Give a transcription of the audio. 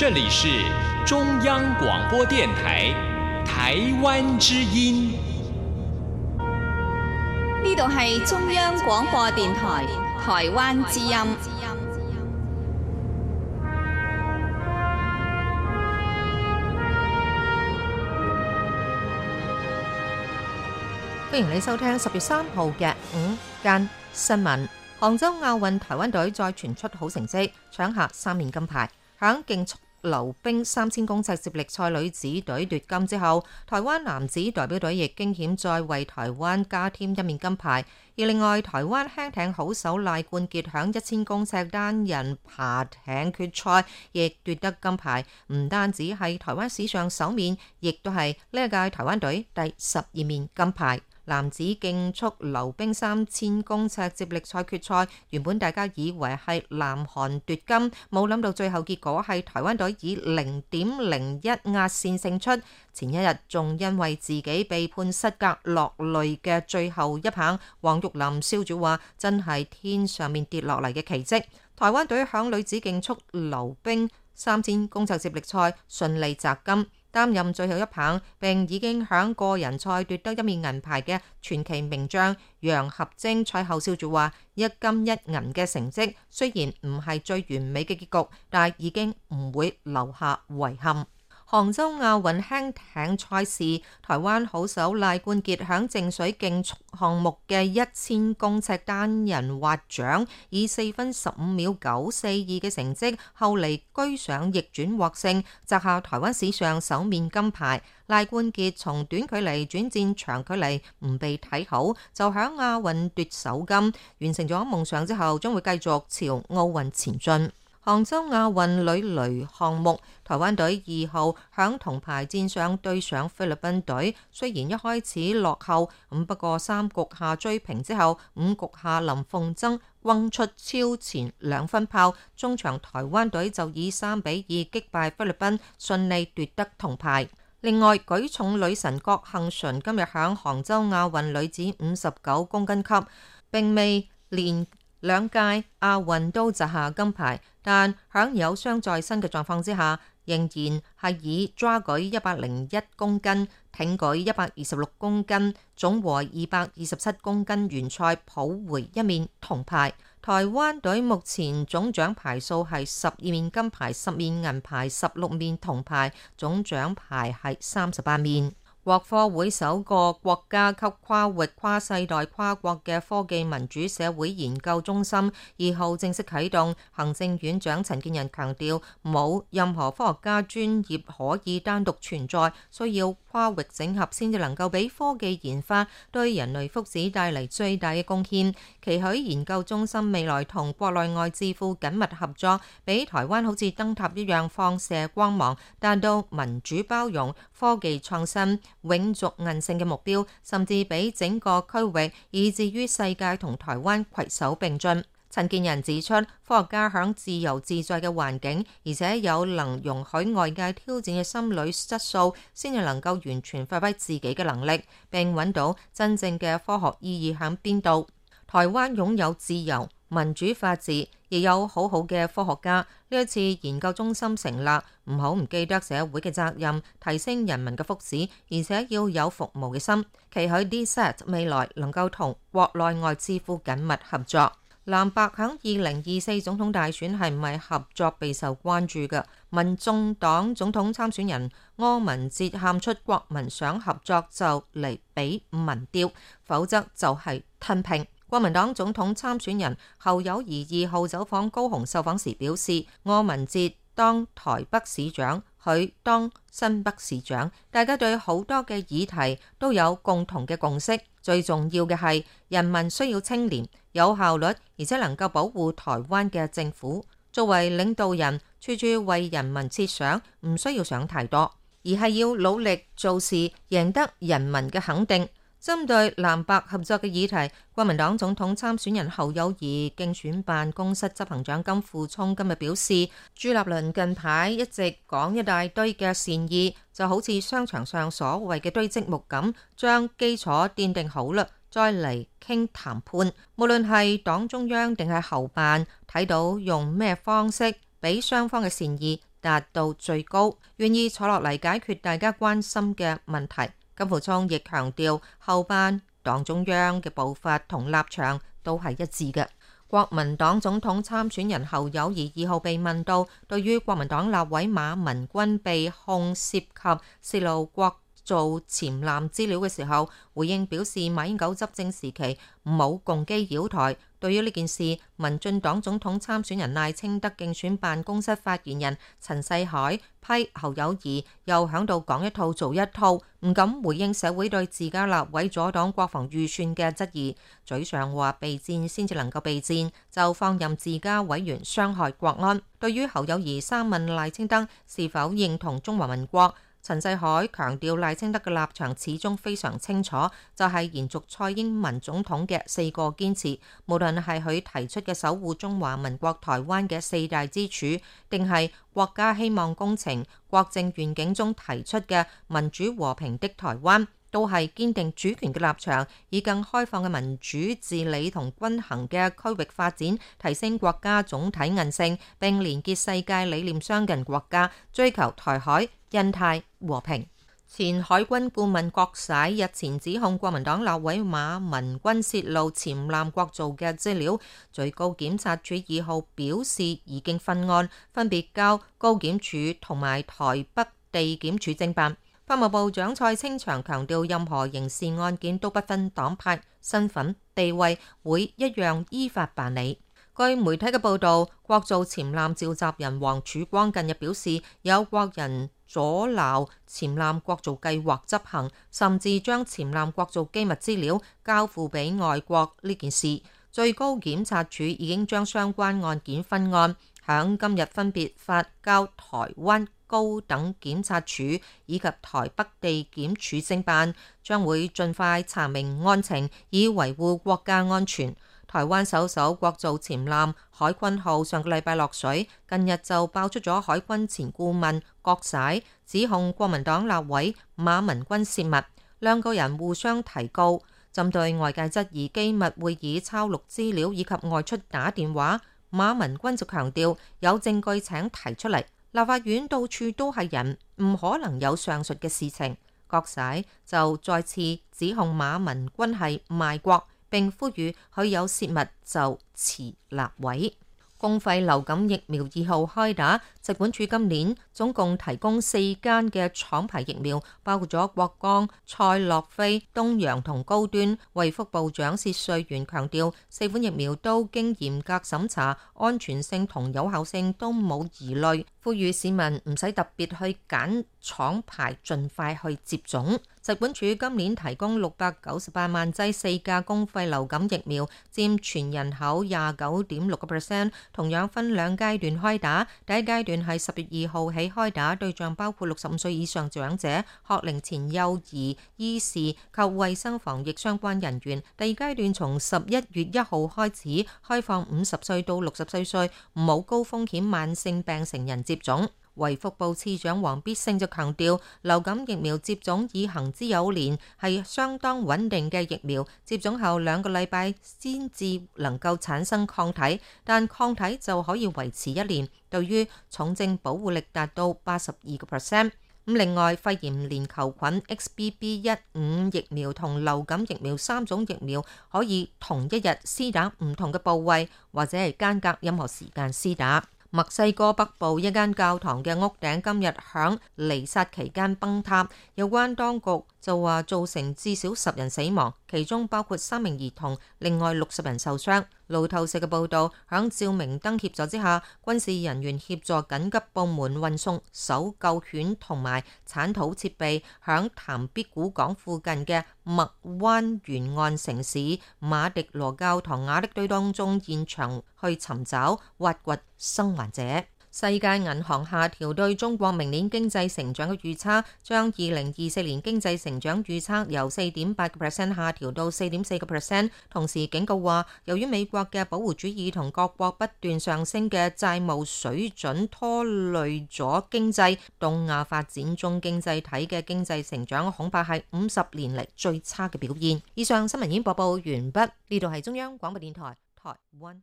這裏是中央廣播電台台灣之音。呢度係中央廣播電台台灣之音。歡迎你收聽十月三號嘅午間新聞。杭州亞運台灣隊再傳出好成績，搶下三面金牌，響競速。溜冰三千公尺接力賽女子隊奪金之後，台灣男子代表隊亦驚險再為台灣加添一面金牌。而另外，台灣輕艇好手賴冠傑響一千公尺單人爬艇決賽亦奪得金牌，唔單止係台灣史上首面，亦都係呢一屆台灣隊第十二面金牌。男子競速溜冰三千公尺接力賽決賽，原本大家以為係南韓奪金，冇諗到最後結果係台灣隊以零點零一壓線勝出。前一日仲因為自己被判失格落淚嘅最後一棒，黃玉林笑住話：真係天上面跌落嚟嘅奇蹟！台灣隊響女子競速溜冰三千公尺接力賽順利摘金。擔任最後一棒，並已經響個人賽奪得一面銀牌嘅傳奇名將楊合貞賽後笑住話：一金一銀嘅成績雖然唔係最完美嘅結局，但已經唔會留下遺憾。杭州亞運輕艇賽事，台灣好手賴冠傑響靜水競速項目嘅一千公尺單人划槳，以四分十五秒九四二嘅成績，後嚟居上逆轉獲勝，摘下台灣史上首面金牌。賴冠傑從短距離轉戰長距離，唔被睇好，就響亞運奪首金，完成咗夢想之後，將會繼續朝奧運前進。杭州亞運女壘項目，台灣隊二號響銅牌戰上對上菲律賓隊，雖然一開始落後，不過三局下追平之後，五局下林鳳珍轟出超前兩分炮，中場台灣隊就以三比二擊敗菲律賓，順利奪得銅牌。另外，舉重女神郭婞淳今日響杭州亞運女子五十九公斤級，並未連。兩屆亞運都摘下金牌，但響有傷在身嘅狀況之下，仍然係以抓舉一百零一公斤、挺舉一百二十六公斤、總和二百二十七公斤，原賽抱回一面銅牌。台灣隊目前總獎牌數係十二面金牌、十面銀牌、十六面銅牌，總獎牌係三十八面。國科會首個國家級跨域、跨世代、跨國嘅科技民主社會研究中心，二號正式啟動。行政院長陳建仁強調，冇任何科學家專業可以單獨存在，需要跨域整合先至能夠俾科技研發對人類福祉帶嚟最大嘅貢獻。期許研究中心未來同國內外智庫緊密合作，俾台灣好似燈塔一樣放射光芒，達到民主包容、科技創新。永續韌性嘅目標，甚至俾整個區域，以至於世界同台灣攜手並進。陳建仁指出，科學家響自由自在嘅環境，而且有能容許外界挑戰嘅心理質素，先至能夠完全發揮自己嘅能力，並揾到真正嘅科學意義喺邊度。台灣擁有自由。民主法治亦有好好嘅科學家。呢一次研究中心成立，唔好唔記得社會嘅責任，提升人民嘅福祉，而且要有服務嘅心。期許 DSET 未來能夠同國內外智庫緊密合作。藍白響二零二四總統大選係咪合作？備受關注嘅民眾黨總統參選人柯文哲喊出：國民想合作就嚟俾民調，否則就係吞併。國民黨總統參選人侯友宜二號走訪高雄受訪時表示：柯文哲當台北市長，佢當新北市長，大家對好多嘅議題都有共同嘅共識。最重要嘅係，人民需要清廉、有效率而且能夠保護台灣嘅政府。作為領導人，處處為人民設想，唔需要想太多，而係要努力做事，贏得人民嘅肯定。針對藍白合作嘅議題，國民黨總統參選人侯友宜競選辦公室執行長金溥聰今日表示，朱立倫近排一直講一大堆嘅善意，就好似商場上所謂嘅堆積木咁，將基礎奠定好啦，再嚟傾談判。無論係黨中央定係侯辦，睇到用咩方式，俾雙方嘅善意達到最高，願意坐落嚟解決大家關心嘅問題。金溥聰亦強調，侯辦、黨中央嘅步伐同立場都係一致嘅。國民黨總統參選人侯友宜二號被問到對於國民黨立委馬文君被控涉及泄露國造潛艦資料嘅時候，回應表示馬英九執政時期冇共機繞台。對於呢件事，民進黨總統參選人賴清德競選辦公室發言人陳世凱批侯友宜又響度講一套做一套，唔敢回應社會對自家立委阻擋國防預算嘅質疑，嘴上話備戰先至能夠備戰，就放任自家委員傷害國安。對於侯友宜三問賴清德是否認同中華民國？陳世凱強調，賴清德嘅立場始終非常清楚，就係、是、延續蔡英文總統嘅四個堅持，無論係佢提出嘅守護中華民國台灣嘅四大支柱，定係國家希望工程、國政願景中提出嘅民主和平的台灣，都係堅定主權嘅立場，以更開放嘅民主治理同均衡嘅區域發展，提升國家總體韌性，並連結世界理念相近國家，追求台海。印太和平。前海軍顧問郭璽日前指控國民黨立委馬文君洩露潛艦國造嘅資料，最高檢察署二號表示已經分案，分別交高檢署同埋台北地檢署偵辦。法務部長蔡清祥強調，任何刑事案件都不分黨派、身份、地位，會一樣依法辦理。據媒體嘅報導，國造潛艦召集人黃曙光近日表示，有國人阻撓潛艦國造計劃執行，甚至將潛艦國造機密資料交付俾外國呢件事，最高檢察署已經將相關案件分案，響今日分別發交台灣高等檢察署以及台北地檢署偵辦，將會盡快查明案情，以維護國家安全。台灣首艘國造潛艦海鯤號上個禮拜落水，近日就爆出咗海軍前顧問郭璽指控國民黨立委馬文君洩密，兩個人互相提告，針對外界質疑機密會議抄錄資料以及外出打電話，馬文君就強調有證據請提出嚟，立法院到處都係人，唔可能有上述嘅事情。郭璽就再次指控馬文君係賣國。並呼籲可有泄密就辭立委。公費流感疫苗二號開打，疾管署今年總共提供四間嘅廠牌疫苗，包括咗國光、賽諾菲、東洋同高端。衞福部長薛瑞元強調，四款疫苗都經嚴格審查，安全性同有效性都冇疑慮。呼籲市民唔使特別去揀廠牌，盡快去接種。疾管署今年提供六百九十八萬劑四價公費流感疫苗，佔全人口廿九點六個 percent。同樣分兩階段開打，第一階段係十月二號起開打，對象包括六十五歲以上長者、學齡前幼兒、醫事及衛生防疫相關人員。第二階段從十一月一號開始開放歲歲歲，五十歲到六十四歲冇高風險慢性病成人。接種，衛福部次長王必勝就強調，流感疫苗接種已行之有年，係相當穩定嘅疫苗。接種後兩個禮拜先至能夠產生抗體，但抗體就可以維持一年。對於重症保護力達到八十二個 percent。另外，肺炎鏈球菌 XBB 一五疫苗同流感疫苗三種疫苗可以同一日施打唔同嘅部位，或者係間隔任何時間施打。墨西哥北部一間教堂嘅屋頂今日響彌撒期間崩塌，有關當局，就話造成至少十人死亡，其中包括三名兒童，另外六十人受傷。路透社嘅報導，響照明燈協助之下，軍事人員協助緊急部門運送搜救犬同埋鏟土設備，響潭比古港附近嘅麥灣沿岸城市馬迪羅教堂瓦礫堆當中現場去尋找挖掘生還者。世界銀行下調對中國明年經濟成長嘅預測，將二零二四年經濟成長預測由四點八個 percent 下調到四點四個 percent。同時警告話，由於美國嘅保護主義同各國不斷上升嘅債務水準拖累咗經濟，東亞發展中經濟體嘅經濟成長恐怕係五十年嚟最差嘅表現。以上新聞已經播報完畢，呢度係中央廣播電台台灣。